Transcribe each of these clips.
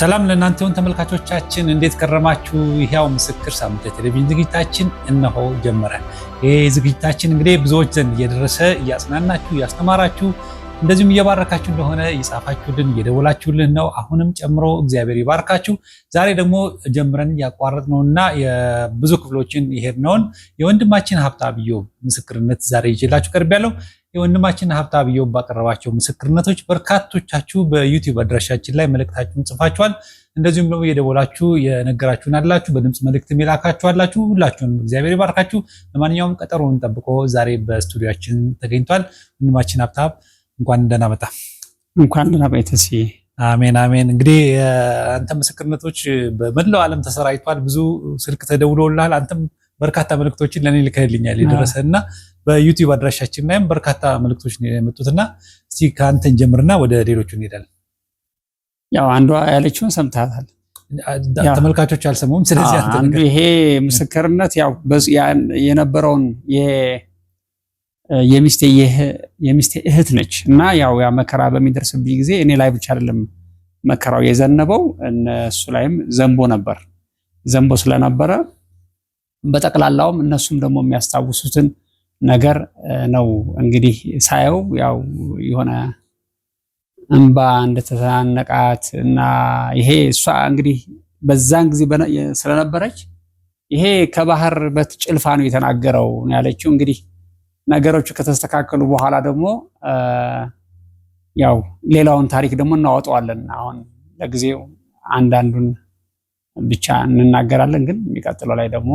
ሰላም ለእናንተውን ተመልካቾቻችን፣ እንዴት ከረማችሁ? ሕያው ምስክር ሳምንት ቴሌቪዥን ዝግጅታችን እነሆ ጀመረ። ይህ ዝግጅታችን እንግዲህ ብዙዎች ዘንድ እየደረሰ እያጽናናችሁ፣ እያስተማራችሁ እንደዚሁም እየባረካችሁ እንደሆነ እየጻፋችሁልን እየደወላችሁልን ነው። አሁንም ጨምሮ እግዚአብሔር ይባርካችሁ። ዛሬ ደግሞ ጀምረን ያቋረጥነውና የብዙ ክፍሎችን ነውን። የወንድማችን ሀብታ ብዮ ምስክርነት ዛሬ ይዤላችሁ ቀርቤያለሁ። የወንድማችን ሀብታብ አብዮ ባቀረባቸው ምስክርነቶች በርካቶቻችሁ በዩቲዩብ አድራሻችን ላይ መልእክታችሁን ጽፋችኋል። እንደዚሁም ደግሞ እየደወላችሁ የነገራችሁን አላችሁ፣ በድምፅ መልእክት የላካችሁ አላችሁ። ሁላችሁንም እግዚአብሔር ይባርካችሁ። ለማንኛውም ቀጠሮን ጠብቆ ዛሬ በስቱዲያችን ተገኝቷል ወንድማችን ሀብታብ እንኳን ደህና መጣ። እንኳን ደህና በይተሲ አሜን አሜን። እንግዲህ አንተ ምስክርነቶች በመላው ዓለም ተሰራጭቷል። ብዙ ስልክ ተደውሎልሃል። አንተም በርካታ መልእክቶችን ለእኔ ልከልኛል የደረሰ እና በዩቲዩብ አድራሻችን ላይም በርካታ መልእክቶች የመጡትና እስቲ ከአንተን ጀምርና ወደ ሌሎቹ እንሄዳለን። ያው አንዷ ያለችውን ሰምታታል፣ ተመልካቾች አልሰሙም። ስለዚህ አንዱ ይሄ ምስክርነት ያው የነበረውን የሚስቴ እህት ነች እና ያው ያ መከራ በሚደርስብኝ ጊዜ እኔ ላይ ብቻ አይደለም መከራው የዘነበው እነሱ ላይም ዘንቦ ነበር። ዘንቦ ስለነበረ በጠቅላላውም እነሱም ደግሞ የሚያስታውሱትን ነገር ነው። እንግዲህ ሳየው ያው የሆነ እንባ እንደተናነቃት እና ይሄ እሷ እንግዲህ በዛን ጊዜ ስለነበረች ይሄ ከባህር በጭልፋ ነው የተናገረው ያለችው። እንግዲህ ነገሮቹ ከተስተካከሉ በኋላ ደግሞ ያው ሌላውን ታሪክ ደግሞ እናወጣዋለን። አሁን ለጊዜው አንዳንዱን ብቻ እንናገራለን፣ ግን የሚቀጥለው ላይ ደግሞ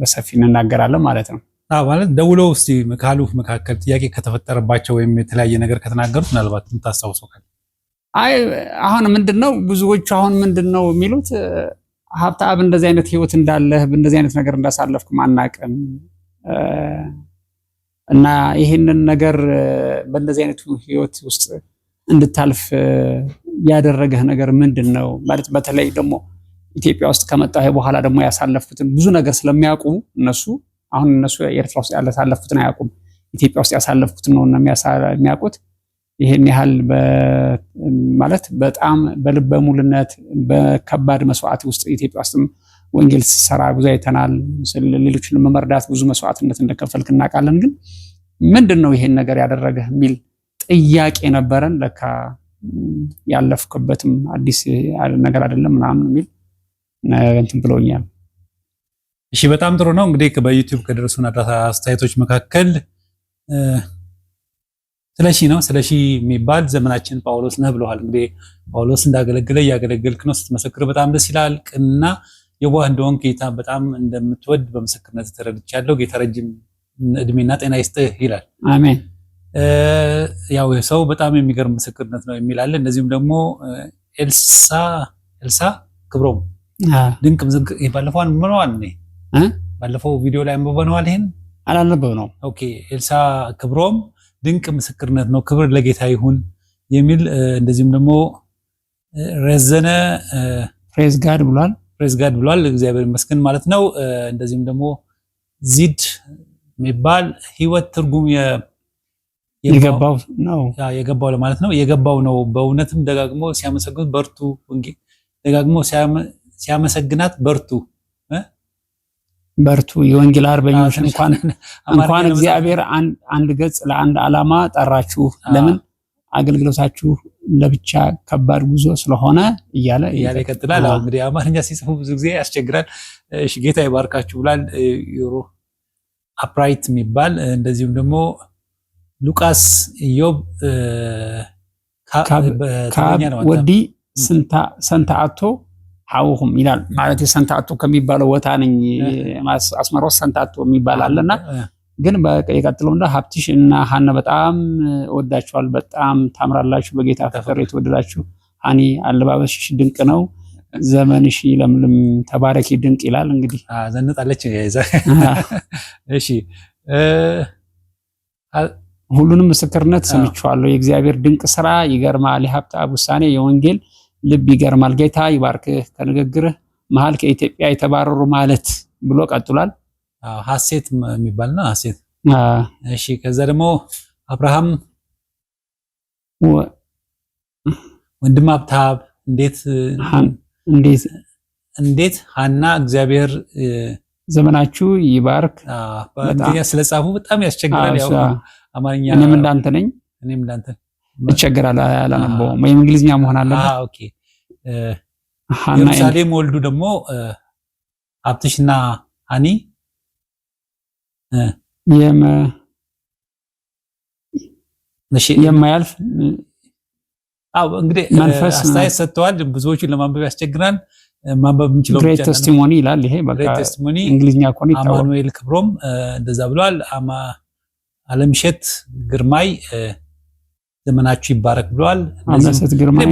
በሰፊ እንናገራለን ማለት ነው። ማለት ደውለው ውስ ካሉፍ መካከል ጥያቄ ከተፈጠረባቸው ወይም የተለያየ ነገር ከተናገሩት ምናልባት የምታስታውሰው ካለ? አይ አሁን ምንድን ነው ብዙዎቹ አሁን ምንድን ነው የሚሉት ሀብተአብ እንደዚህ አይነት ህይወት እንዳለህ እንደዚህ አይነት ነገር እንዳሳለፍኩ አናቅም እና ይህንን ነገር በእንደዚህ አይነቱ ህይወት ውስጥ እንድታልፍ ያደረገህ ነገር ምንድን ነው ማለት በተለይ ደግሞ ኢትዮጵያ ውስጥ ከመጣ በኋላ ደግሞ ያሳለፍኩትን ብዙ ነገር ስለሚያውቁ እነሱ አሁን እነሱ ኤርትራ ውስጥ ያሳለፉትን አያውቁም። ኢትዮጵያ ውስጥ ያሳለፉትን ነው የሚያውቁት። ይህን ያህል ማለት በጣም በልበ ሙልነት በከባድ መስዋዕት ውስጥ ኢትዮጵያ ውስጥም ወንጌል ስትሰራ ብዙ አይተናል። ሌሎችን መመርዳት ብዙ መስዋዕትነት እንደከፈልክ እናውቃለን። ግን ምንድን ነው ይሄን ነገር ያደረገህ የሚል ጥያቄ ነበረን። ለካ ያለፍክበትም አዲስ ነገር አይደለም ምናምን የሚል እንትን ብለውኛል። እሺ በጣም ጥሩ ነው። እንግዲህ በዩቲዩብ ከደረሱን አስተያየቶች መካከል ስለሺ ነው ስለሺ የሚባል ዘመናችን ጳውሎስ ነህ ብለዋል። እንግዲህ ጳውሎስ እንዳገለግለ እያገለገልክ ነው። ስትመሰክር በጣም ደስ ይላል። ቅና የዋህ እንደሆን ጌታ በጣም እንደምትወድ በምስክርነት ተረድቻለሁ። ጌታ ረጅም እድሜና ጤና ይስጥህ ይላል። አሜን። ያው ሰው በጣም የሚገርም ምስክርነት ነው የሚላለ። እንደዚሁም ደግሞ ኤልሳ ክብሮም ድንቅ ባለፈዋን ምነዋል ባለፈው ቪዲዮ ላይ አንብበነዋል። ይሄን አላነበብ ነው። ኦኬ ኤልሳ ክብሮም ድንቅ ምስክርነት ነው፣ ክብር ለጌታ ይሁን የሚል እንደዚሁም ደግሞ ረዘነ ፕሬዝ ጋድ ብሏል። ፕሬዝ ጋድ ብሏል። እግዚአብሔር ይመስገን ማለት ነው። እንደዚሁም ደግሞ ዚድ የሚባል ህይወት ትርጉም የገባው ነው የገባው ለማለት ነው። የገባው ነው። በእውነትም ደጋግሞ ሲያመሰግኑት በርቱ፣ ደጋግሞ ሲያመሰግናት በርቱ በርቱ የወንጌል አርበኞች እንኳን እንኳን እግዚአብሔር አንድ ገጽ ለአንድ ዓላማ ጠራችሁ። ለምን አገልግሎታችሁ ለብቻ ከባድ ጉዞ ስለሆነ እያለ እያለ ይቀጥላል። እንግዲህ አማርኛ ሲጽፉ ብዙ ጊዜ ያስቸግራል። እሺ ጌታ ይባርካችሁ ብላል። ዩሮ አፕራይት የሚባል እንደዚሁም ደግሞ ሉቃስ ኢዮብ ወዲ ሰንታ አቶ ሀውሁም ይላል ማለት የሰንታቶ ከሚባለው ወታ ነኝ አስመራው ሰንታቶ የሚባል አለና ግን የቀጥለው እንደ ሀብትሽ እና ሀነ በጣም ወዳችኋል። በጣም ታምራላችሁ። በጌታ ፍቅር የተወደዳችሁ ሀኒ አለባበስሽ ድንቅ ነው። ዘመንሽ ለምልም ተባረኪ፣ ድንቅ ይላል። እንግዲህ ዘንጣለች። እሺ ሁሉንም ምስክርነት ሰምቼዋለሁ። የእግዚአብሔር ድንቅ ስራ ይገርማል። የሀብት አቡሳኔ ውሳኔ የወንጌል ልብ ይገርማል። ጌታ ይባርክህ። ከንግግርህ መሀል ከኢትዮጵያ የተባረሩ ማለት ብሎ ቀጥሏል። ሀሴት የሚባል የሚባልና ሀሴት እሺ። ከዛ ደግሞ አብርሃም ወንድም ሀብታብ እንዴት እንዴት ሀና እግዚአብሔር ዘመናችሁ ይባርክ። ስለ ጻፉ በጣም ያስቸግራል። አማርኛ እኔም እንዳንተ ነኝ። እኔም እንዳንተ እቸግራለሁ። አላነበውም። ወይም እንግሊዝኛ መሆን አለበት። ኦኬ ኢየሩሳሌም ወልዱ ደግሞ አብትሽና አኒ የማያልፍ እንግዲህ መንፈስ አስተያየት ሰጥተዋል። ብዙዎቹን ለማንበብ ያስቸግራል። ማንበብ የምችለው ግሬት ቴስቲሞኒ ይላል። ይሄ በቃ ቴስቲሞኒ እንግሊዝኛ ኮን አማኑኤል ክብሮም እንደዛ ብለዋል። አለምሸት ግርማይ ዘመናችሁ ይባረክ ብለዋል።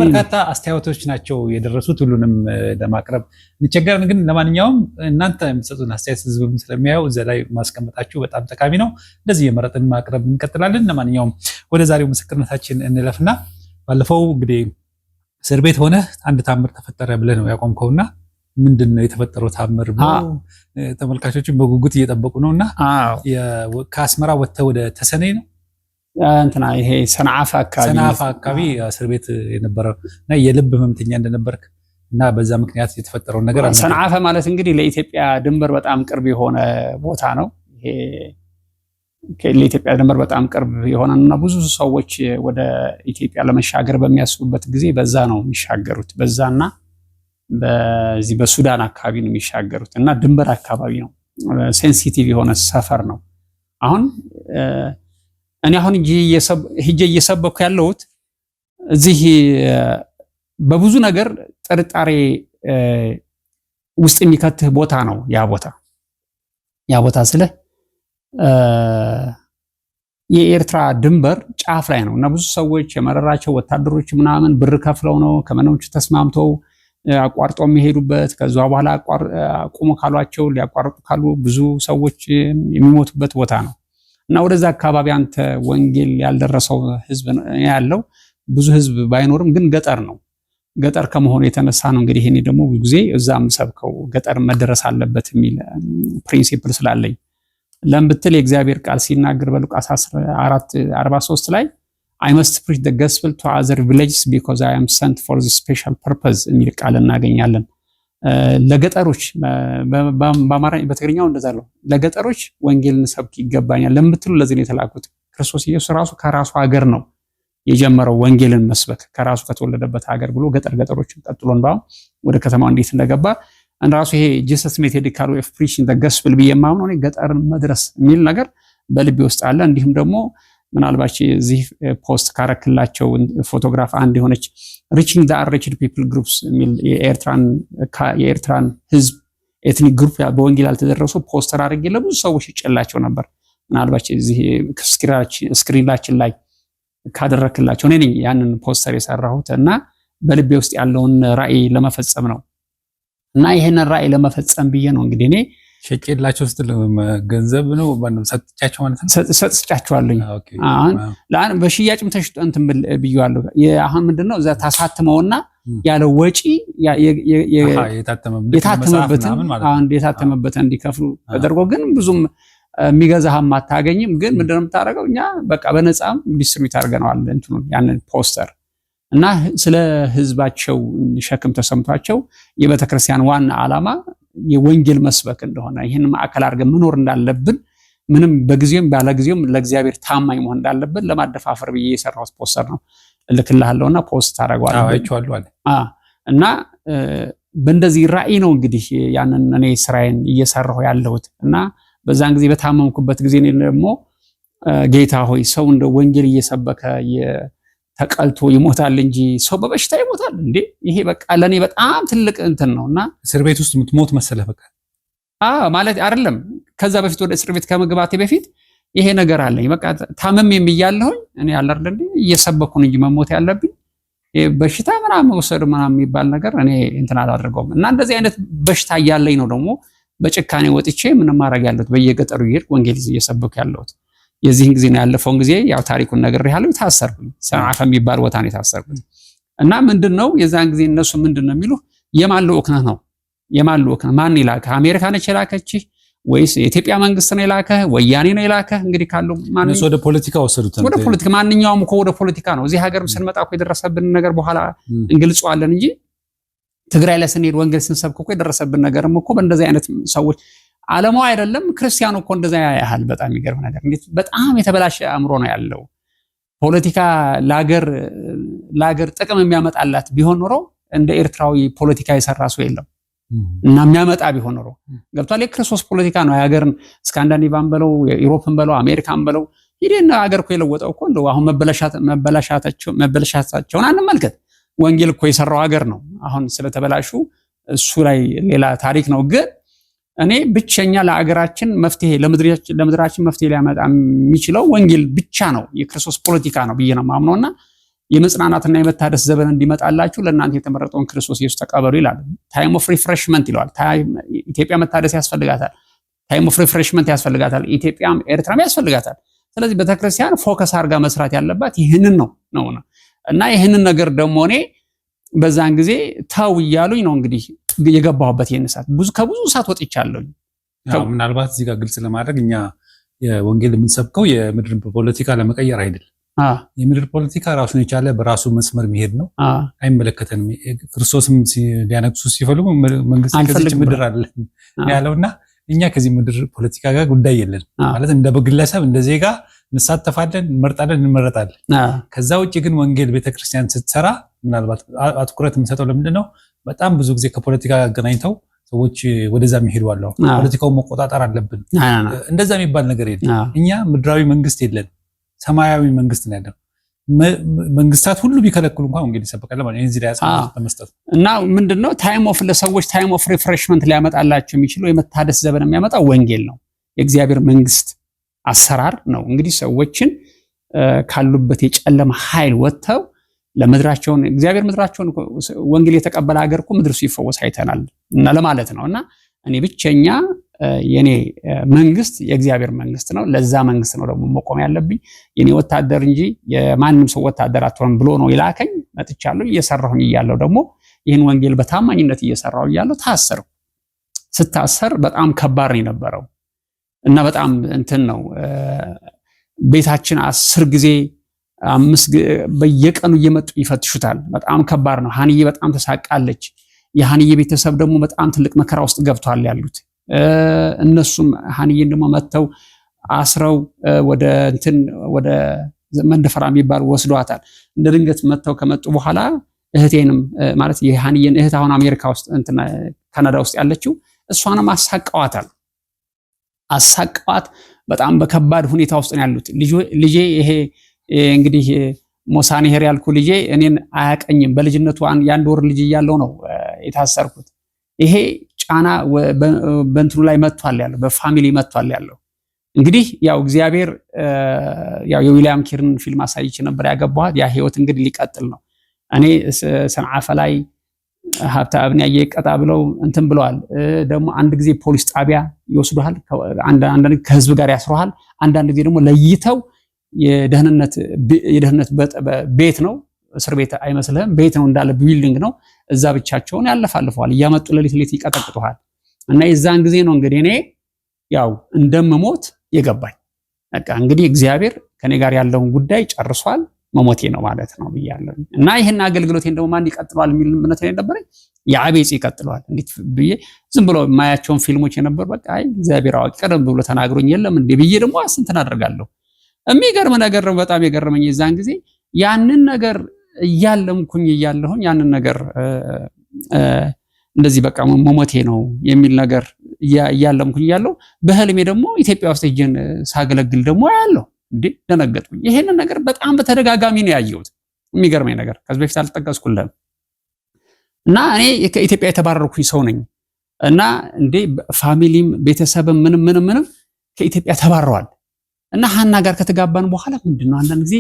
በርካታ አስተያየቶች ናቸው የደረሱት። ሁሉንም ለማቅረብ እንቸገርን፣ ግን ለማንኛውም እናንተ የምትሰጡን አስተያየት ህዝብም ስለሚያየው እዛ ላይ ማስቀመጣችሁ በጣም ጠቃሚ ነው። እንደዚህ የመረጥን ማቅረብ እንቀጥላለን። ለማንኛውም ወደ ዛሬው ምስክርነታችን እንለፍና ባለፈው እንግዲህ እስር ቤት ሆነ አንድ ታምር ተፈጠረ ብለህ ነው ያቆምከውና ምንድን ነው የተፈጠረው ታምር? ተመልካቾችን በጉጉት እየጠበቁ ነው እና ከአስመራ ወጥተህ ወደ ተሰኔ ነው እንትና ይሄ ሰንዓፈ አካባቢ ሰንዓፈ አካባቢ እስር ቤት የነበረ እና የልብ ህመምተኛ እንደነበርክ እና በዛ ምክንያት የተፈጠረውን ነገር ሰንዓፈ ማለት እንግዲህ ለኢትዮጵያ ድንበር በጣም ቅርብ የሆነ ቦታ ነው። ይሄ ለኢትዮጵያ ድንበር በጣም ቅርብ የሆነ እና ብዙ ሰዎች ወደ ኢትዮጵያ ለመሻገር በሚያስቡበት ጊዜ በዛ ነው የሚሻገሩት። በዛና በዚህ በሱዳን አካባቢ ነው የሚሻገሩት እና ድንበር አካባቢ ነው። ሴንሲቲቭ የሆነ ሰፈር ነው አሁን እኔ አሁን ሄጄ እየሰበኩ ያለሁት እዚህ በብዙ ነገር ጥርጣሬ ውስጥ የሚከትህ ቦታ ነው። ያ ቦታ ያ ቦታ ስለ የኤርትራ ድንበር ጫፍ ላይ ነው እና ብዙ ሰዎች የመረራቸው ወታደሮች ምናምን ብር ከፍለው ነው ከመነዎቹ ተስማምተው አቋርጠው የሚሄዱበት ከዛ በኋላ ቁሙ ካሏቸው ሊያቋርጡ ካሉ ብዙ ሰዎች የሚሞቱበት ቦታ ነው። እና ወደዛ አካባቢ አንተ ወንጌል ያልደረሰው ህዝብ ያለው ብዙ ህዝብ ባይኖርም ግን ገጠር ነው። ገጠር ከመሆኑ የተነሳ ነው እንግዲህ እኔ ደግሞ ብዙ ጊዜ እዛ የምሰብከው ገጠር መደረስ አለበት የሚል ፕሪንሲፕል ስላለኝ ለምብትል የእግዚአብሔር ቃል ሲናገር በሉቃስ 43 ላይ አይ መስት ፕሪች ደ ገስፕል ቱ አዘር ቪሌጅስ ቢኮዝ አይ አም ሰንት ፎር ስፔሻል ፐርፐዝ የሚል ቃል እናገኛለን። ለገጠሮች በአማራ በትግርኛው እንደዛ ለው ለገጠሮች ወንጌልን ሰብክ ይገባኛል ለምትሉ ለዚህ ነው የተላኩት። ክርስቶስ ኢየሱስ ራሱ ከራሱ ሀገር ነው የጀመረው ወንጌልን መስበክ ከራሱ ከተወለደበት ሀገር ብሎ ገጠር ገጠሮችን ቀጥሎ ባ ወደ ከተማው እንዴት እንደገባ እንራሱ ይሄ ጂሰስ ሜቴድ ካሉ ኤፍ ፕሪቺንግ ዘ ብዬ የማምነው ገጠርን መድረስ የሚል ነገር በልቤ ውስጥ አለ። እንዲሁም ደግሞ ምናልባች እዚህ ፖስት ካረክላቸው ፎቶግራፍ አንድ የሆነች ሪቺንግ ዘ አንሪችድ ፒፕል ግሩፕስ የሚል የኤርትራን ህዝብ ኤትኒክ ግሩፕ በወንጌል አልተደረሱ ፖስተር አድርጌ ለብዙ ሰዎች ይጨላቸው ነበር። ምናልባት እዚህ ስክሪላችን ላይ ካደረክላቸው እኔ ነኝ ያንን ፖስተር የሰራሁት እና በልቤ ውስጥ ያለውን ራዕይ ለመፈጸም ነው እና ይህንን ራዕይ ለመፈጸም ብዬ ነው እንግዲህ እኔ ሸጬላቸው ስትል ገንዘብ ነው ሰጥቻቸው ማለት ነው። ሰጥቻቸዋለኝ አሁን በሽያጭም ተሽጦ እንትን ብያዋለሁ። አሁን ምንድን ነው እዛ ታሳትመውና ያለ ወጪ የታተመበትን የታተመበትን እንዲከፍሉ ተደርጎ ግን ብዙም የሚገዛህም አታገኝም። ግን ምንድነው የምታደርገው? እኛ በቃ በነፃም ዲስትሪቢዩት አድርገነዋል እንትኑን ያንን ፖስተር እና ስለ ህዝባቸው ሸክም ተሰምቷቸው የቤተክርስቲያን ዋና ዓላማ የወንጌል መስበክ እንደሆነ ይህን ማዕከል አድርገን መኖር እንዳለብን ምንም በጊዜም ባለጊዜም ለእግዚአብሔር ታማኝ መሆን እንዳለብን ለማደፋፈር ብዬ የሰራሁት ፖስተር ነው። እልክልሃለሁና ፖስት አደርገዋለሁ እና በእንደዚህ ራዕይ ነው እንግዲህ ያንን እኔ ስራዬን እየሰራሁ ያለሁት እና በዛን ጊዜ በታመምኩበት ጊዜ ደግሞ ጌታ ሆይ ሰው እንደ ወንጌል እየሰበከ ተቀልቶ ይሞታል እንጂ ሰው በበሽታ ይሞታል እንዴ? ይሄ በቃ ለእኔ በጣም ትልቅ እንትን ነው እና እስር ቤት ውስጥ የምትሞት መሰለህ በቃ ማለት አይደለም። ከዛ በፊት ወደ እስር ቤት ከመግባቴ በፊት ይሄ ነገር አለኝ። በቃ ታመም የሚያለሁኝ እኔ አላርደ እየሰበኩን እንጂ መሞት ያለብኝ በሽታ ምናም መውሰድ ምናምን የሚባል ነገር እኔ እንትን አላደርገውም። እና እንደዚህ አይነት በሽታ እያለኝ ነው ደግሞ በጭካኔ ወጥቼ ምንም ማድረግ ያለሁት በየገጠሩ ይሄድ ወንጌል እየሰበኩ ያለሁት የዚህን ጊዜ ነው ያለፈውን ጊዜ ያው ታሪኩን ነገር ያለው የታሰርኩኝ ሰንዓፈ የሚባል ቦታ ነው የታሰርኩኝ። እና ምንድን ነው የዛን ጊዜ እነሱ ምንድን ነው የሚሉ የማን ልዑክ ነው የማን ልዑክ ማን ይላከ አሜሪካ ነች የላከችህ ወይስ የኢትዮጵያ መንግስት ነው የላከህ? ወያኔ ነው የላከህ? እንግዲህ ካለው ወደ ፖለቲካ ወሰዱት። ወደ ፖለቲካ ማንኛውም እኮ ወደ ፖለቲካ ነው። እዚህ ሀገርም ስንመጣ እኮ የደረሰብን ነገር በኋላ እንገልጸዋለን እንጂ ትግራይ ላይ ስንሄድ ወንጌል ስንሰብክ እኮ የደረሰብን ነገርም እኮ በእንደዚህ አይነት ሰዎች ዓለማው አይደለም ክርስቲያኑ እኮ እንደዛ ያህል በጣም የሚገርም ነገር እንዴት በጣም የተበላሸ አእምሮ ነው ያለው። ፖለቲካ ለሀገር ጥቅም የሚያመጣላት ቢሆን ኖሮ እንደ ኤርትራዊ ፖለቲካ የሰራ ሰው የለም እና የሚያመጣ ቢሆን ኖሮ ገብቷል። የክርስቶስ ፖለቲካ ነው የሀገርን ስካንዳኔቫን በለው የኢሮፕን በለው አሜሪካን በለው ሂደን ሀገር እኮ የለወጠው እኮ እንደው አሁን መበላሻታቸውን አንመልከት። ወንጌል እኮ የሰራው ሀገር ነው። አሁን ስለተበላሹ እሱ ላይ ሌላ ታሪክ ነው ግን እኔ ብቸኛ ለአገራችን መፍትሄ ለምድራችን መፍትሄ ሊያመጣ የሚችለው ወንጌል ብቻ ነው፣ የክርስቶስ ፖለቲካ ነው ብዬ ነው ማምነው እና የመጽናናትና የመታደስ ዘመን እንዲመጣላችሁ ለእናንተ የተመረጠውን ክርስቶስ ኢየሱስ ተቀበሉ ይላል። ታይም ኦፍ ሪፍሬሽመንት ይለዋል። ኢትዮጵያ መታደስ ያስፈልጋታል። ታይም ኦፍ ሪፍሬሽመንት ያስፈልጋታል። ኢትዮጵያም ኤርትራም ያስፈልጋታል። ስለዚህ ቤተክርስቲያን ፎከስ አድርጋ መስራት ያለባት ይህንን ነው ነው እና ይህንን ነገር ደግሞ እኔ በዛን ጊዜ ተው እያሉኝ ነው እንግዲህ የገባሁበት ይህን እሳት ከብዙ እሳት ወጥቻለሁ። ምናልባት እዚህ ጋር ግልጽ ለማድረግ እኛ ወንጌል የምንሰብከው የምድር ፖለቲካ ለመቀየር አይደለም። የምድር ፖለቲካ ራሱን የቻለ በራሱ መስመር መሄድ ነው፣ አይመለከተንም። ክርስቶስም ሊያነግሱ ሲፈልጉ መንግስት ከዚች ምድር ያለው እና እኛ ከዚህ ምድር ፖለቲካ ጋር ጉዳይ የለን ማለት እንደ ግለሰብ እንደ ዜጋ እንሳተፋለን፣ እንመርጣለን፣ እንመረጣለን። ከዛ ውጭ ግን ወንጌል ቤተክርስቲያን ስትሰራ ምናልባት አትኩረት የምንሰጠው ለምንድን ነው? በጣም ብዙ ጊዜ ከፖለቲካ አገናኝተው ሰዎች ወደዛ የሚሄዱ አለው። ፖለቲካውን መቆጣጠር አለብን እንደዛ የሚባል ነገር የለም። እኛ ምድራዊ መንግስት የለን፣ ሰማያዊ መንግስት ነው ያለው። መንግስታት ሁሉ ቢከለክሉ እንኳን ወንጌል ይሰበቃል ማለት ነው። እዚህ ላይ ለመስጠት እና ምንድን ነው ታይም ኦፍ ለሰዎች ታይም ኦፍ ሪፍሬሽመንት ሊያመጣላቸው የሚችለው የመታደስ ዘመን የሚያመጣው ወንጌል ነው፣ የእግዚአብሔር መንግስት አሰራር ነው። እንግዲህ ሰዎችን ካሉበት የጨለማ ኃይል ወጥተው ለምድራቸውን እግዚአብሔር ምድራቸውን ወንጌል የተቀበለ ሀገር እኮ ምድር ሲፈወስ አይተናል እና ለማለት ነው እና እኔ ብቸኛ የኔ መንግስት የእግዚአብሔር መንግስት ነው። ለዛ መንግስት ነው ደግሞ መቆም ያለብኝ። የኔ ወታደር እንጂ የማንም ሰው ወታደር አትሆንም ብሎ ነው ይላከኝ። መጥቻለሁ። እየሰራሁኝ እያለሁ ደግሞ ይህን ወንጌል በታማኝነት እየሰራሁ እያለሁ ታሰርኩ። ስታሰር በጣም ከባድ ነው የነበረው እና በጣም እንትን ነው ቤታችን አስር ጊዜ በየቀኑ እየመጡ ይፈትሹታል። በጣም ከባድ ነው። ሀንዬ በጣም ተሳቃለች። የሀንዬ ቤተሰብ ደግሞ በጣም ትልቅ መከራ ውስጥ ገብቷል ያሉት እነሱም ሀንዬን ደግሞ መጥተው አስረው ወደ እንትን ወደ መንደፈራ የሚባል ወስዷታል። እንደ ድንገት መጥተው ከመጡ በኋላ እህቴንም ማለት የሀንዬን እህት አሁን አሜሪካ ውስጥ እንትን ካናዳ ውስጥ ያለችው እሷንም አሳቀዋታል። አሳቀዋት በጣም በከባድ ሁኔታ ውስጥ ነው ያሉት ልጄ ይሄ እንግዲህ ሄር ያልኩ ልጄ እኔን አያቀኝም። በልጅነቱ የአንድ ወር ልጅ እያለው ነው የታሰርኩት። ይሄ ጫና በእንትኑ ላይ መጥቷል ያለው በፋሚሊ መጥቷል ያለው እንግዲህ ያው እግዚአብሔር ያው የዊሊያም ኪርን ፊልም አሳይች ነበር ያገባኋት። ያ ህይወት እንግዲህ ሊቀጥል ነው። እኔ ሰንዓፈ ላይ ሀብተ አብን እየቀጣ ብለው እንትን ብለዋል። ደግሞ አንድ ጊዜ ፖሊስ ጣቢያ ይወስዱሃል፣ አንዳንድ ከህዝብ ጋር ያስሩሃል፣ አንዳንድ ጊዜ ደግሞ ለይተው የደህንነት ቤት ነው። እስር ቤት አይመስልህም፣ ቤት ነው እንዳለ ቢልዲንግ ነው። እዛ ብቻቸውን ያለፋልፈዋል እያመጡ ሌሊት ሌት ይቀጠቅጠዋል እና የዛን ጊዜ ነው እንግዲህ እኔ ያው እንደምሞት የገባኝ በቃ እንግዲህ እግዚአብሔር ከኔ ጋር ያለውን ጉዳይ ጨርሷል፣ መሞቴ ነው ማለት ነው ብያለሁ። እና ይህን አገልግሎቴን ደግሞ ማን ይቀጥሏል የሚል እምነት የነበረኝ የአቤጽ ይቀጥለዋል። እንዴት ብዬ ዝም ብሎ የማያቸውን ፊልሞች የነበሩ በቃ አይ እግዚአብሔር አዋቂ ቀደም ብሎ ተናግሮኝ የለም እንዴ ብዬ ደግሞ ስንትን አደርጋለሁ የሚገርም ነገር ነው። በጣም የገረመኝ የዛን ጊዜ ያንን ነገር እያለምኩኝ እያለሁኝ ያንን ነገር እንደዚህ በቃ መሞቴ ነው የሚል ነገር እያለምኩኝ እያለሁ በህልሜ ደግሞ ኢትዮጵያ ውስጥ ሄጄን ሳገለግል ደግሞ ያለው እንዴ ደነገጥኩኝ። ይሄንን ነገር በጣም በተደጋጋሚ ነው ያየሁት። የሚገርመኝ ነገር ከዚህ በፊት አልጠቀስኩልህም እና እኔ ከኢትዮጵያ የተባረርኩኝ ሰው ነኝ እና እንዴ ፋሚሊም ቤተሰብም ምንም ምንም ምንም ከኢትዮጵያ ተባረዋል። እና ሀና ጋር ከተጋባን በኋላ ምንድን ነው አንዳንድ ጊዜ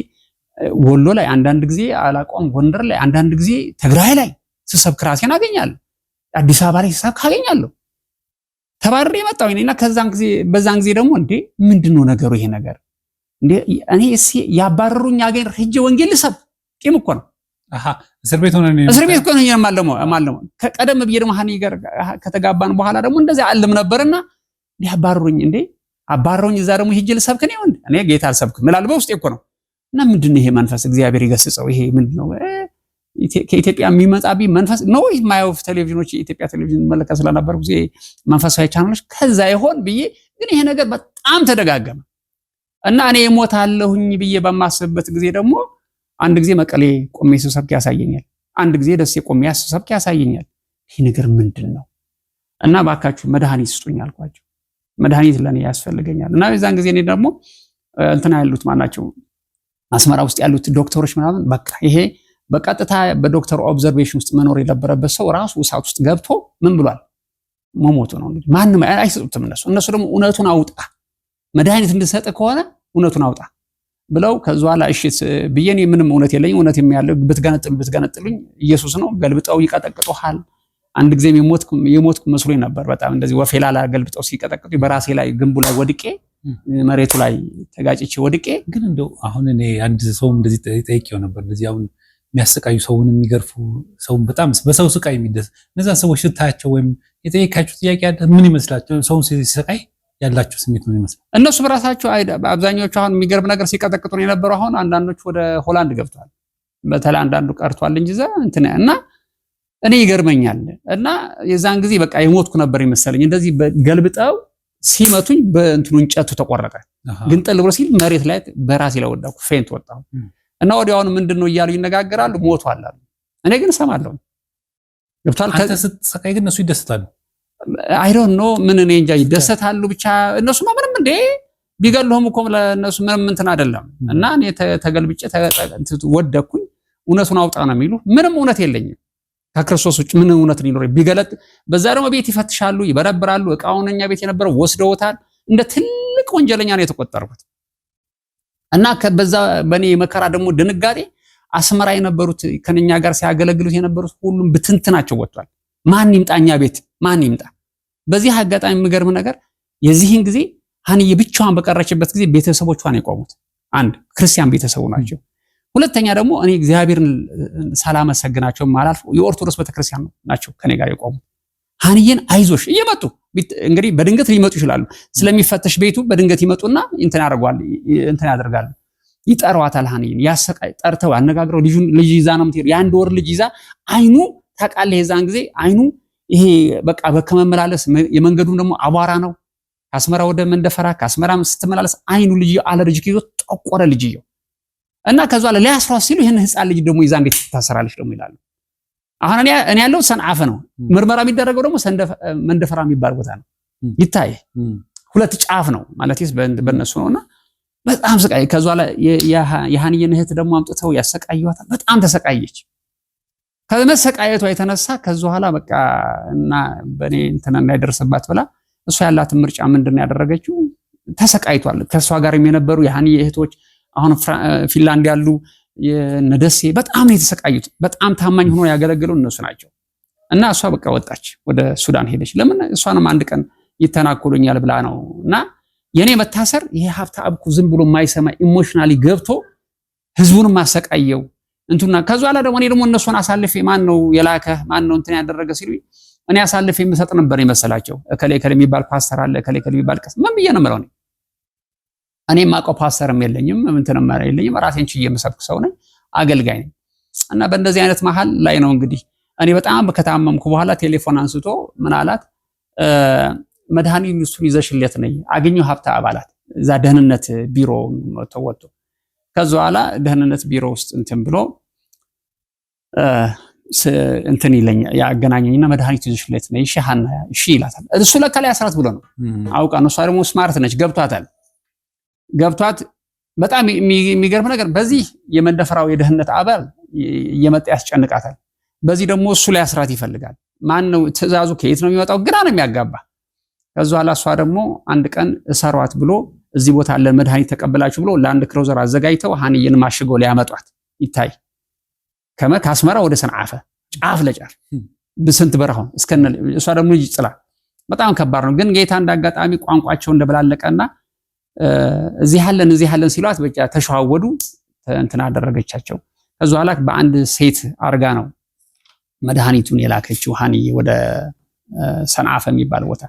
ወሎ ላይ፣ አንዳንድ ጊዜ አላቋም ጎንደር ላይ፣ አንዳንድ ጊዜ ትግራይ ላይ ስሰብክ ራሴን አገኛለሁ። አዲስ አበባ ላይ ስሰብክ አገኛለሁ። ተባረር የመጣው እና ከዛን ጊዜ በዛን ጊዜ ደግሞ እንዴ ምንድን ነው ነገሩ ይሄ ነገር እንዴ እኔ እሺ ያባረሩኝ አገር ሄጄ ወንጌል ልሰብ ቂም እኮ ነው። አሃ እስር ቤት ሆነ ነው እስር ቤት ሆነ ነው ማለሞ ማለሞ ከቀደም ብዬ ደግሞ ሀኒ ጋር ከተጋባን በኋላ ደግሞ እንደዚህ አለም ነበርና ያባረሩኝ እንዴ አባረውኝ እዛ ደግሞ ሂጅ ልሰብክ ነው እንዴ? እኔ ጌታ አልሰብክም እላለሁ በውስጤ እኮ ነው። እና ምንድነው ይሄ መንፈስ እግዚአብሔር ይገስጸው። ይሄ ምንድነው ከኢትዮጵያ ቢ መንፈስ ነው። የማየው ቴሌቪዥኖች፣ የኢትዮጵያ ቴሌቪዥን መለከት ስለነበርኩ ጊዜ መንፈሳዊ ቻናሎች ከዛ ይሆን ብዬ ግን ይሄ ነገር በጣም ተደጋገመ እና እኔ እሞታለሁኝ ብዬ በማስብበት ጊዜ ደግሞ አንድ ጊዜ መቀሌ ቆሜ ስብሰብክ ያሳየኛል፣ አንድ ጊዜ ደሴ ቆሜ ስብሰብክ ያሳየኛል። ይህ ነገር ምንድን ነው? እና ባካችሁ መድኃኒት ስጡኝ አልኳቸው። መድኃኒት ለኔ ያስፈልገኛል። እና የዛን ጊዜ እኔ ደግሞ እንትና ያሉት ማናቸው አስመራ ውስጥ ያሉት ዶክተሮች ምናምን በቃ ይሄ በቀጥታ በዶክተር ኦብዘርቬሽን ውስጥ መኖር የነበረበት ሰው ራሱ እሳት ውስጥ ገብቶ ምን ብሏል መሞቱ ነው። እንግዲህ ማንም አይሰጡትም እነሱ እነሱ ደግሞ እውነቱን አውጣ መድኃኒት እንድሰጥ ከሆነ እውነቱን አውጣ ብለው ከዚ በኋላ እሺ ብዬ ምንም እውነት የለኝ እውነት የሚያለው ብትገነጥሉ ብትገነጥሉኝ ኢየሱስ ነው ገልብጠው ይቀጠቅጡሃል አንድ ጊዜ የሞትኩ መስሎኝ ነበር። በጣም እንደዚህ ወፌላ ላላ ገልብጠው ሲቀጠቅጡ በራሴ ላይ ግንቡ ላይ ወድቄ መሬቱ ላይ ተጋጭቼ ወድቄ። ግን እንደው አሁን እኔ አንድ ሰው እንደዚህ ጠይቄው ነበር እንደዚህ አሁን የሚያሰቃዩ ሰውን የሚገርፉ ሰውን በጣም በሰው ስቃይ የሚደስ እነዛን ሰዎች ስታያቸው ወይም የጠየካቸው ጥያቄ ያለ ምን ይመስላቸው ሰውን ሲሰቃይ ያላቸው ስሜት ምን ይመስላል? እነሱ በራሳቸው አብዛኛዎቹ አሁን የሚገርብ ነገር ሲቀጠቅጡን የነበረው አሁን አንዳንዶቹ ወደ ሆላንድ ገብተዋል። በተለይ አንዳንዱ ቀርቷል እንጂ እዛ እንትን እና እኔ ይገርመኛል። እና የዛን ጊዜ በቃ የሞትኩ ነበር ይመሰለኝ። እንደዚህ ገልብጠው ሲመቱኝ በእንትኑ እንጨቱ ተቆረጠ። ግን ጥል ብሎ ሲል መሬት ላይ በራሴ ላይ ፌንት ወጣሁ እና ወዲያውኑ ምንድን ነው እያሉ ይነጋገራሉ። ሞቱ አላሉ፣ እኔ ግን እሰማለሁ። ገብቷል። ስትሰቃይ ግን እነሱ ይደሰታሉ። አይዶን ኖ ምን እኔ እንጃ ይደሰታሉ። ብቻ እነሱማ ምንም እንዴ ቢገልሁም እኮ ለእነሱ ምንም እንትን አይደለም። እና እኔ ተገልብጬ ወደኩኝ። እውነቱን አውጣ ነው የሚሉ ምንም እውነት የለኝም። ከክርስቶስ ውጭ ምን እውነት ሊኖር ቢገለጥ። በዛ ደግሞ ቤት ይፈትሻሉ፣ ይበረብራሉ። እቃውን እኛ ቤት የነበረው ወስደውታል። እንደ ትልቅ ወንጀለኛ ነው የተቆጠርኩት እና በዛ በእኔ መከራ ደግሞ ድንጋጤ አስመራ የነበሩት ከኛ ጋር ሲያገለግሉት የነበሩት ሁሉም ብትንትናቸው ወጥቷል። ማን ይምጣ እኛ ቤት ማን ይምጣ? በዚህ አጋጣሚ የሚገርም ነገር የዚህን ጊዜ ሀንዬ ብቻዋን በቀረችበት ጊዜ ቤተሰቦቿን የቆሙት አንድ ክርስቲያን ቤተሰቡ ናቸው። ሁለተኛ ደግሞ እኔ እግዚአብሔርን ሳላመሰግናቸው ማላልፍ የኦርቶዶክስ ቤተክርስቲያን ናቸው ከኔ ጋር የቆሙ ሀንዬን አይዞሽ እየመጡ እንግዲህ በድንገት ሊመጡ ይችላሉ። ስለሚፈተሽ ቤቱ በድንገት ይመጡና እንትን ያደርጓል እንትን ያደርጋሉ። ይጠሯታል። ሀንዬን ያሰቃይ ጠርተው አነጋግረው ልጅ ይዛ ነው የምትሄድ። የአንድ ወር ልጅ ይዛ አይኑ ታውቃለህ፣ የዛን ጊዜ አይኑ ይሄ በቃ በከመመላለስ የመንገዱም ደግሞ አቧራ ነው። ከአስመራ ወደ መንደፈራ ከአስመራ ስትመላለስ አይኑ ልጅ አለ ልጅ ይዞ ጠቆረ ልጅየው እና ከዛ ላይ ሊያስሯት ሲሉ ይህን ህፃን ልጅ ደግሞ ይዛ እንዴት ትታሰራለች ደግሞ ይላሉ። አሁን እኔ ያለው ሰንዓፈ ነው። ምርመራ የሚደረገው ደግሞ መንደፈራ የሚባል ቦታ ነው። ይታይ ሁለት ጫፍ ነው ማለት በእነሱ ነውና በጣም ስቃይ። ከዛ ላይ የሃንየን እህት ደግሞ አምጥተው ያሰቃዩዋታል። በጣም ተሰቃየች። ከመሰቃየቷ የተነሳ ከዛ በኋላ በቃ እና በእኔ እንትን እንዳይደርስባት ብላ እሷ ያላትን ምርጫ ምንድን ያደረገችው? ተሰቃይቷል። ከእሷ ጋር የነበሩ የሃንየ እህቶች አሁን ፊንላንድ ያሉ ነደሴ በጣም ነው የተሰቃዩት። በጣም ታማኝ ሆኖ ያገለግሉ እነሱ ናቸው። እና እሷ በቃ ወጣች፣ ወደ ሱዳን ሄደች። ለምን እሷንም አንድ ቀን ይተናኮሉኛል ብላ ነው። እና የኔ መታሰር ይሄ ሀብታ አብኩ ዝም ብሎ የማይሰማ ኢሞሽናሊ ገብቶ ህዝቡን ማሰቃየው እንትና ከዛ ኋላ ደግሞ እኔ ደግሞ እነሱን አሳልፌ ማን ነው የላከ ማን ነው እንትን ያደረገ ሲሉ እኔ አሳልፌ የምሰጥ ነበር የመሰላቸው። እከሌ እከሌ የሚባል ፓስተር አለ እከሌ እከሌ የሚባል ቀስ ምን ብዬ ነው የምለው እኔ እኔ ማቀው ፓስተርም የለኝም ምንትንም የለኝም። ራሴን ችዬ የምሰብክ ሰው ነኝ፣ አገልጋይ ነኝ። እና በእንደዚህ አይነት መሀል ላይ ነው እንግዲህ እኔ በጣም ከታመምኩ በኋላ ቴሌፎን አንስቶ ምን አላት፣ መድኃኒት እሱን ይዘሽለት ነይ አገኘሁ ሀብታ አባላት እዛ ደህንነት ቢሮ ተወጡ። ከዚ በኋላ ደህንነት ቢሮ ውስጥ እንትን ብሎ እንትን ይለኛል ያገናኘኝና መድኃኒት ይዘሽለት ነይ ሺ ይላታል። እሱ ለካ ላይ አስራት ብሎ ነው አውቃ ነው። እሷ ደግሞ ስማርት ነች ገብቷታል። ገብቷት በጣም የሚገርም ነገር በዚህ የመደፈራው የደህንነት አባል እየመጣ ያስጨንቃታል። በዚህ ደግሞ እሱ ላይ አስራት ይፈልጋል። ማን ነው ትእዛዙ? ከየት ነው የሚመጣው? ግራ ነው የሚያጋባ። ከዚ በኋላ እሷ ደግሞ አንድ ቀን እሰሯት ብሎ እዚህ ቦታ አለ መድኃኒት ተቀብላችሁ ብሎ ለአንድ ክሮዘር አዘጋጅተው ሀንየን ማሽገው ሊያመጧት ይታይ ከመ ከአስመራ ወደ ሰንዓፈ ጫፍ ለጫፍ ብስንት በረሃውን እስከነ እሷ ደግሞ ልጅ በጣም ከባድ ነው። ግን ጌታ እንዳጋጣሚ ቋንቋቸው እንደበላለቀና እዚህ ያለን እዚህ ያለን ሲሏት በቃ ተሸዋወዱ። እንትን አደረገቻቸው። ከዚ በኋላ በአንድ ሴት አርጋ ነው መድኃኒቱን የላከችው ሃኒ ወደ ሰንዓፈ የሚባል ቦታ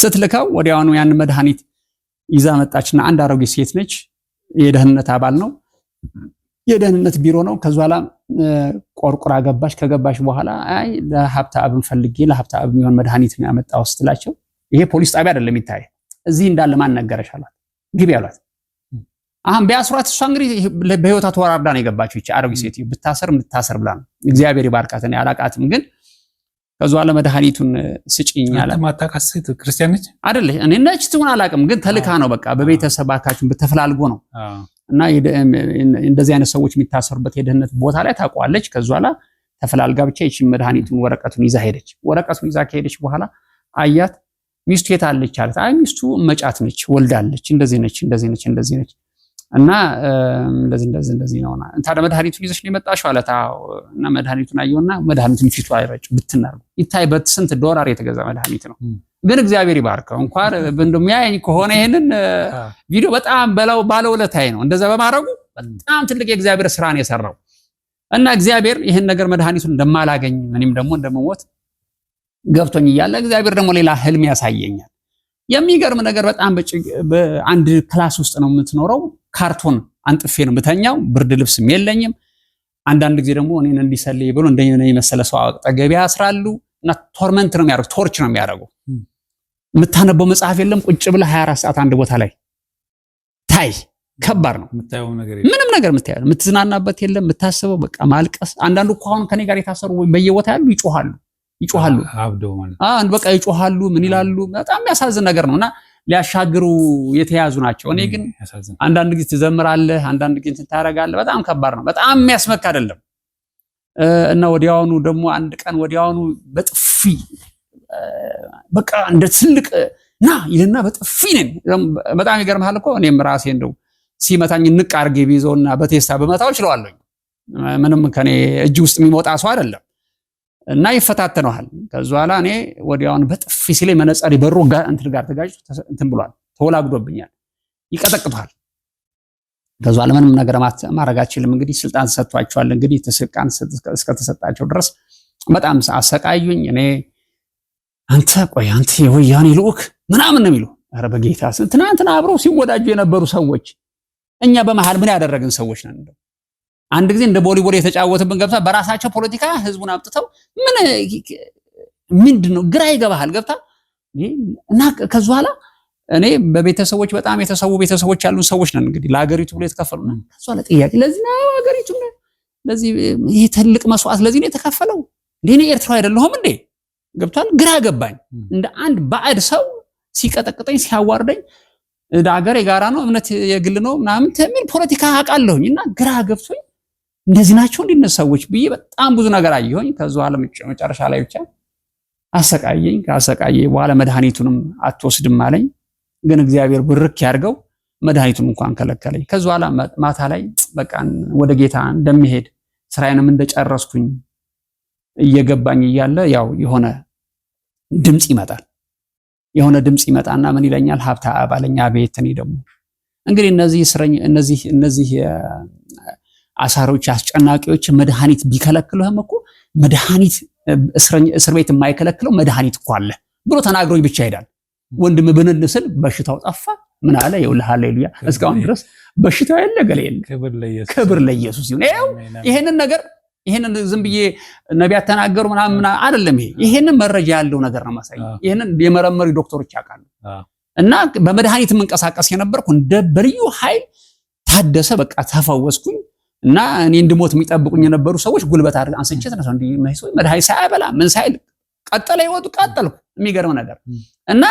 ስትልከው ወዲያውኑ ያን መድኃኒት ይዛ መጣችና አንድ አሮጌ ሴት ነች። የደህንነት አባል ነው፣ የደህንነት ቢሮ ነው። ከዚ በኋላ ቆርቁራ ገባች። ከገባች በኋላ አይ አብን ፈልጌ ለሀብተአብ የሚሆን መድኃኒት ነው ያመጣው ስትላቸው ይሄ ፖሊስ ጣቢያ አይደለም ይታይ እዚህ እንዳለ ማን ነገረሽ አሏት። ግቢ አሏት። አሁን ቢያስሯት እሷ እንግዲህ በህይወቷ ተወራርዳ ነው የገባችው። ይቺ አረብ ሴት ብታሰር ምታሰር ብላ ነው። እግዚአብሔር ይባርካት። እኔ አላቃትም፣ ግን ከዚያ ለመድኃኒቱን ስጭኝ አለ። ማታቃት ሴት ክርስቲያን ነች አይደል? እኔ ነች ትሁን አላቅም፣ ግን ተልካ ነው በቃ በቤተሰብ አካችን ተፈላልጎ ነው። እና እንደዚህ አይነት ሰዎች የሚታሰሩበት የደህንነት ቦታ ላይ ታውቀዋለች። ከዚያ ላይ ተፈላልጋ ብቻ ይቺ መድኃኒቱን ወረቀቱን ይዛ ሄደች። ወረቀቱን ይዛ ከሄደች በኋላ አያት ሚስቱ የት አለች አለት። አይ ሚስቱ መጫት ነች፣ ወልዳለች፣ እንደዚህ ነች፣ እንደዚህ ነች፣ እንደዚህ ነች እና እንደዚህ እንደዚህ እንደዚህ ነውና ታዲያ መድኃኒቱን ይዘሽ ነው የመጣሽው አለት። አዎ። እና መድኃኒቱን አየውና መድኃኒቱን ፊቱ አይረጭ ብትናርጉ ይታይ በስንት ዶላር የተገዛ መድኃኒት ነው። ግን እግዚአብሔር ይባርከው እንኳን እንደሚያየኝ ከሆነ ይሄንን ቪዲዮ በጣም በላው ባለውለታዬ ነው እንደዛ በማድረጉ በጣም ትልቅ የእግዚአብሔር ስራ ነው የሰራው እና እግዚአብሔር ይህን ነገር መድኃኒቱን እንደማላገኝ እኔም ደግሞ እንደምሞት ገብቶኝ እያለ እግዚአብሔር ደግሞ ሌላ ህልም ያሳየኛል። የሚገርም ነገር በጣም በአንድ ክላስ ውስጥ ነው የምትኖረው። ካርቶን አንጥፌ ነው ምተኛው። ብርድ ልብስም የለኝም። አንዳንድ ጊዜ ደግሞ እኔን እንዲሰልይ ብሎ እንደ የመሰለ ሰው አጠገቤ ያስራሉ እና ቶርመንት ነው የሚያደርጉ ቶርች ነው የሚያደርጉ። የምታነበው መጽሐፍ የለም። ቁጭ ብለ 24 ሰዓት አንድ ቦታ ላይ ታይ ከባድ ነው። ምንም ነገር የምትዝናናበት የለም። የምታስበው በቃ ማልቀስ። አንዳንዱ እኮ አሁን ከኔ ጋር የታሰሩ በየቦታ ያሉ ይጮሃሉ ይጮሃሉ። በቃ ይጮሃሉ። ምን ይላሉ? በጣም የሚያሳዝን ነገር ነው እና ሊያሻግሩ የተያዙ ናቸው። እኔ ግን አንዳንድ ጊዜ ትዘምራለህ፣ አንዳንድ ጊዜ ትታረጋለህ። በጣም ከባድ ነው። በጣም የሚያስመካ አይደለም እና ወዲያውኑ ደግሞ አንድ ቀን ወዲያውኑ በጥፊ በቃ እንደ ትልቅ ና ይልና በጥፊ ነን። በጣም ይገርምሃል እኮ እኔም ራሴ እንደው ሲመታኝ ንቅ አድርጌ ቢይዘውና በቴስታ በመታው ችለዋለሁ። ምንም ከኔ እጅ ውስጥ የሚወጣ ሰው አይደለም። እና ይፈታተነዋል። ከዚ በኋላ እኔ ወዲያውን በጥፊ ሲል መነጸሪ በሩ እንትን ጋር ተጋጭቶ እንትን ብሏል፣ ተወላግዶብኛል። ይቀጠቅጠዋል። ከዚ በኋላ ምንም ነገር ማድረግ አችልም። እንግዲህ ስልጣን ተሰጥቷቸዋል። እንግዲህ ስልጣን እስከተሰጣቸው ድረስ በጣም አሰቃዩኝ። እኔ አንተ ቆይ አንተ የወያኔ ልዑክ ምናምን ነው የሚሉ ኧረ በጌታ ትናንትና አብረው ሲወዳጁ የነበሩ ሰዎች እኛ በመሃል ምን ያደረግን ሰዎች ነን እንደው አንድ ጊዜ እንደ ቦሊቦል የተጫወትብን ገብታ በራሳቸው ፖለቲካ ህዝቡን አምጥተው ምን ምንድን ነው ግራ ይገባሃል። ገብታ እና ከዚ በኋላ እኔ በቤተሰቦች በጣም የተሰዉ ቤተሰቦች ያሉን ሰዎች ነን። እንግዲህ ለሀገሪቱ ብሎ የተከፈሉ ነን። ከዚ በኋላ ጥያቄ ለዚህ ነው ሀገሪቱ ለዚህ ይሄ ትልቅ መስዋዕት ለዚህ ነው የተከፈለው። እኔ ኤርትራ አይደለሁም እንዴ? ገብቷል። ግራ ገባኝ። እንደ አንድ ባዕድ ሰው ሲቀጠቅጠኝ ሲያዋርደኝ ለሀገር የጋራ ነው እምነት የግል ነው ምናምን ተሚል ፖለቲካ አውቃለሁኝ እና ግራ ገብቶኝ እንደዚህ ናቸው እንዲነት ሰዎች ብዬ በጣም ብዙ ነገር አየሁኝ። ከዚ ኋላ መጨረሻ ላይ ብቻ አሰቃየኝ። ከአሰቃየ በኋላ መድኃኒቱንም አትወስድም አለኝ። ግን እግዚአብሔር ብርክ ያድርገው መድኃኒቱን እንኳን ከለከለኝ። ከዚ ኋላ ማታ ላይ በቃ ወደ ጌታ እንደሚሄድ ስራዬንም እንደጨረስኩኝ እየገባኝ እያለ ያው የሆነ ድምፅ ይመጣል። የሆነ ድምፅ ይመጣና ምን ይለኛል? ሀብታ አባለኛ አቤት! እኔ ደግሞ እንግዲህ እነዚህ አሳሮች፣ አስጨናቂዎች መድኃኒት ቢከለክሉህም እኮ መድኃኒት እስር ቤት የማይከለክለው መድኃኒት እኮ አለ ብሎ ተናግሮኝ ብቻ ይሄዳል። ወንድም ብንን ስል በሽታው ጠፋ። ምን አለ? ይውል ሃሌሉያ እስካሁን ድረስ በሽታው ያለ ክብር ለኢየሱስ ይሁን። ይኸው ይሄንን ነገር ይሄንን ዝም ብዬ ነቢያት ተናገሩ ምናምን አይደለም። ይሄ ይሄንን መረጃ ያለው ነገር ነው ማሳይ። ይሄንን የመረመሪ ዶክተሮች ያውቃሉ። እና በመድኃኒት የምንቀሳቀስ የነበርኩ እንደ በልዩ ኃይል ታደሰ በቃ ተፈወስኩኝ። እና እኔ እንድሞት የሚጠብቁኝ የነበሩ ሰዎች ጉልበት አድርገ አንስቼት አንስቼ ተነሳ እንዲ መድኃኒት ሳያበላ ምን ሳይል ቀጠለ ይወጡ ቀጠልኩ። የሚገርም ነገር እና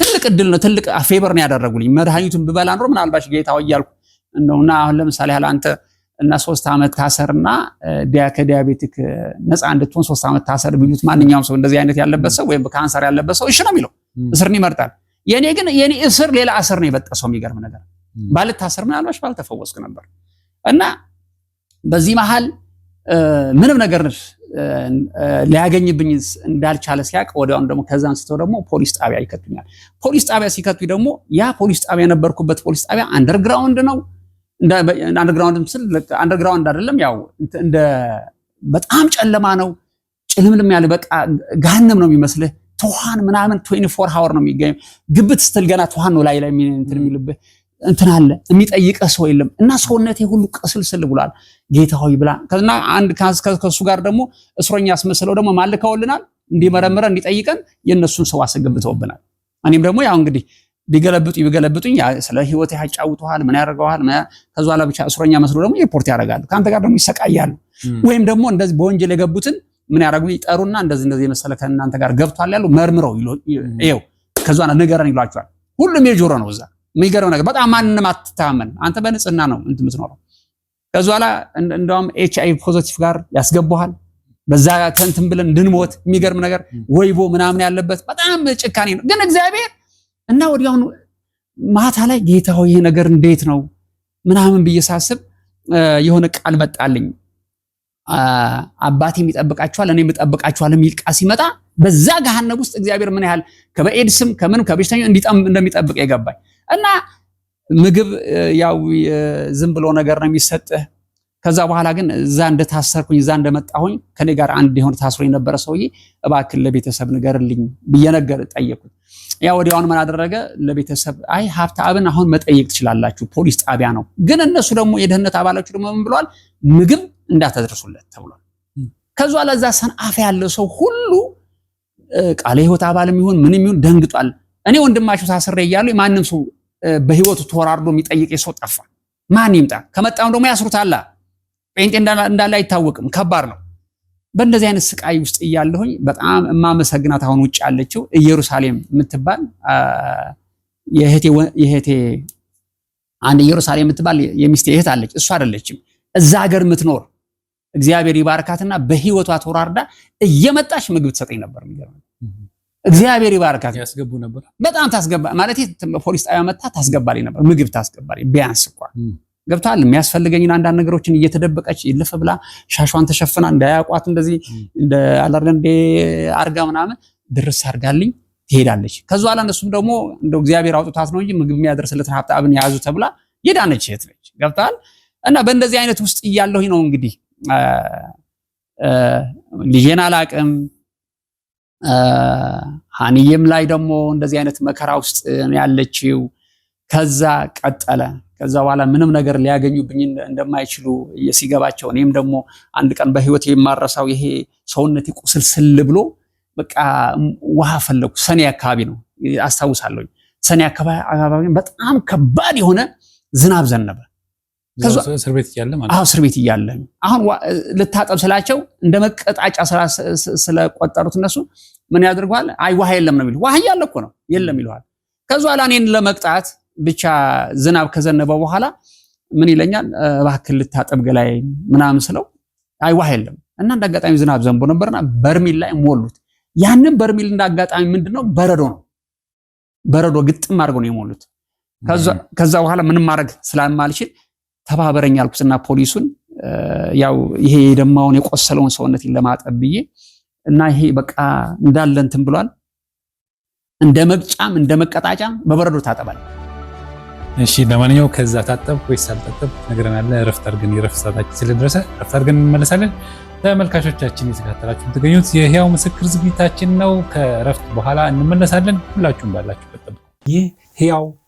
ትልቅ እድል ነው። ትልቅ ፌቨር ነው ያደረጉልኝ። መድኃኒቱን ብበላ ኖሮ ምናልባሽ ጌታው እያልኩ እንደውና አሁን ለምሳሌ ያህል አንተ እና ሶስት ዓመት ታሰርና ከዲያቤቲክ ነፃ እንድትሆን ሶስት ዓመት ታሰር ቢሉት ማንኛውም ሰው እንደዚህ አይነት ያለበት ሰው ወይም ካንሰር ያለበት ሰው እሺ ነው የሚለው፣ እስርን ይመርጣል። የእኔ ግን የእኔ እስር ሌላ እስር ነው የበጠሰው። የሚገርም ነገር ባልታሰር ምናልባሽ ባልተፈወስክ ነበር እና በዚህ መሀል ምንም ነገር ሊያገኝብኝ እንዳልቻለ ሲያቅ ወዲያውኑ ደግሞ ከዛ አንስተው ደግሞ ፖሊስ ጣቢያ ይከቱኛል። ፖሊስ ጣቢያ ሲከቱ ደግሞ ያ ፖሊስ ጣቢያ የነበርኩበት ፖሊስ ጣቢያ አንደርግራውንድ ነው። አንደርግራውንድ ስል አንደርግራውንድ አይደለም፣ ያው እንደ በጣም ጨለማ ነው፣ ጭልምልም ያለ በቃ ጋንም ነው የሚመስልህ። ትኋን ምናምን ትዌንቲ ፎር ሀወር ነው የሚገኝ ግብት ስትል ገና ትኋን ነው ላይ ላይ እንትን የሚልብህ እንትን አለ የሚጠይቀ ሰው የለም እና ሰውነቴ ሁሉ ቅስልስል ብሏል። ጌታ ሆይ ብላ ከና አንድ ከሱ ጋር ደግሞ እስረኛ ያስመስለው ደግሞ ማልከውልናል እንዲመረምረ እንዲጠይቀን የእነሱን ሰው አስገብተውብናል። እኔም ደግሞ ያው እንግዲህ ቢገለብጡ ቢገለብጡኝ ስለ ህይወት ያጫውቱሃል፣ ምን ያደርገዋል። ከዛ ኋላ ብቻ እስረኛ መስሎ ደግሞ ሪፖርት ያደርጋሉ። ከአንተ ጋር ደግሞ ይሰቃያሉ። ወይም ደግሞ እንደዚህ በወንጀል የገቡትን ምን ያደረጉ ይጠሩና እንደዚህ እንደዚህ የመሰለ ከእናንተ ጋር ገብቷል ያሉ መርምረው ይው ከዛ ነገረን ይሏቸዋል። ሁሉም የጆሮ ነው እዛ የሚገርም ነገር በጣም ማንም አትታመን። አንተ በንጽህና ነው እንትን የምትኖረው። ከዚ በኋላ እንደውም ኤች አይ ፖዘቲቭ ጋር ያስገባሃል። በዛ ተንትን ብለን እንድንሞት የሚገርም ነገር ወይቦ ምናምን ያለበት በጣም ጭካኔ ነው። ግን እግዚአብሔር እና ወዲያውኑ ማታ ላይ ጌታ ይሄ ነገር እንዴት ነው ምናምን ብዬ ሳስብ የሆነ ቃል መጣልኝ። አባቴም ይጠብቃችኋል እኔም እጠብቃችኋል የሚል ቃል ሲመጣ በዛ ገሃነብ ውስጥ እግዚአብሔር ምን ያህል ከበኤድስም ከምንም ከበሽተኛ እንደሚጠብቅ የገባኝ እና ምግብ ያው ዝም ብሎ ነገር ነው የሚሰጥህ። ከዛ በኋላ ግን እዛ እንደታሰርኩኝ እዛ እንደመጣሁኝ ከኔ ጋር አንድ የሆነ ታስሮ የነበረ ሰውዬ እባክን ለቤተሰብ ንገርልኝ ብዬ ነገር ጠየቁት። ያ ወዲያውን ምን አደረገ? ለቤተሰብ አይ አብን አሁን መጠየቅ ትችላላችሁ፣ ፖሊስ ጣቢያ ነው። ግን እነሱ ደግሞ የደህንነት አባላችሁ ደግሞ ምን ብለዋል? ምግብ እንዳታደርሱለት ተብሏል። ከዛ ለዛ ሰንአፈ ያለው ሰው ሁሉ ቃለ ህይወት አባልም ይሁን ምንም ይሁን ደንግጧል። እኔ ወንድማችሁ ታስሬ እያሉ ማንም ሰው በህይወቱ ተወራርዶ የሚጠይቅ ሰው ጠፋ። ማን ይምጣ? ከመጣም ደግሞ ያስሩታላ። ጴንጤ እንዳለ አይታወቅም። ከባድ ነው። በእንደዚህ አይነት ስቃይ ውስጥ እያለሁኝ በጣም የማመሰግናት አሁን ውጭ ያለችው ኢየሩሳሌም የምትባል የእህቴ አንድ ኢየሩሳሌም የምትባል የሚስቴ እህት አለች። እሱ አይደለችም እዛ ሀገር የምትኖር እግዚአብሔር ይባርካትና በህይወቷ ተወራርዳ እየመጣች ምግብ ትሰጠኝ ነበር። እግዚአብሔር ይባርካት። ያስገቡ ነበር በጣም ታስገባ ማለት ፖሊስ ጣቢያ መታ ታስገባሪ ነበር። ምግብ ታስገባሪ ቢያንስ እንኳን ገብቷል። የሚያስፈልገኝን አንዳንድ ነገሮችን እየተደበቀች ይልፍ ብላ ሻሿን ተሸፍና እንዳያቋት እንደዚህ እንደ አላርገንዴ አርጋ ምናምን ድርስ አርጋልኝ ትሄዳለች። ከዛ በኋላ እነሱም ደግሞ እንደው እግዚአብሔር አውጥቷት ነው እንጂ ምግብ የሚያደርስለትን ሀብታብን የያዙ ተብላ የዳነች እህት ነች። ገብቷል። እና በእንደዚህ አይነት ውስጥ እያለሁኝ ነው እንግዲህ ልጄን አላቅም ሀንዬም ላይ ደግሞ እንደዚህ አይነት መከራ ውስጥ ያለችው ከዛ ቀጠለ። ከዛ በኋላ ምንም ነገር ሊያገኙብኝ እንደማይችሉ ሲገባቸው እኔም ደግሞ አንድ ቀን በህይወት የማረሳው ይሄ ሰውነት ቁስል ስል ብሎ በቃ ውሃ ፈለጉ። ሰኔ አካባቢ ነው አስታውሳለሁ። ሰኔ አካባቢ በጣም ከባድ የሆነ ዝናብ ዘነበ። እስር ቤት እያለ ማለት ነው። እስር ቤት እያለ አሁን ልታጠብ ስላቸው እንደ መቀጣጫ ስራ ስለቆጠሩት እነሱ ምን ያደርገዋል? አይ ውሃ የለም ነው የሚል ውሃ እያለ እኮ ነው የለም ይለዋል። ከዚ በኋላ እኔን ለመቅጣት ብቻ ዝናብ ከዘነበ በኋላ ምን ይለኛል? እባክህ ልታጠብ ገላይ ምናምን ስለው አይ ውሃ የለም እና እንደ አጋጣሚ ዝናብ ዘንቦ ነበርና በርሚል ላይ ሞሉት። ያንን በርሚል እንደ አጋጣሚ ምንድነው በረዶ ነው በረዶ ግጥም አድርገው ነው የሞሉት። ከዛ በኋላ ምንም ማድረግ ስላማልችል ተባበረኝ አልኩትና ፖሊሱን ያው ይሄ የደማውን የቆሰለውን ሰውነት ለማጠብ ብዬ እና ይሄ በቃ እንዳለ እንትን ብሏል። እንደ መግጫም እንደ መቀጣጫ በበረዶ ታጠባል። እሺ ለማንኛውም ከዛ ታጠብ ወይስ አልታጠብክ ትነግረናለህ። እረፍት አድርገን የእረፍት ሰዓታችን ስለደረሰ እረፍት አድርገን እንመለሳለን። ተመልካቾቻችን የተከታተላችሁ የምትገኙት የህያው ምስክር ዝግጅታችን ነው። ከእረፍት በኋላ እንመለሳለን። ሁላችሁም ባላችሁበት ጠብቁ። ይህ ህያው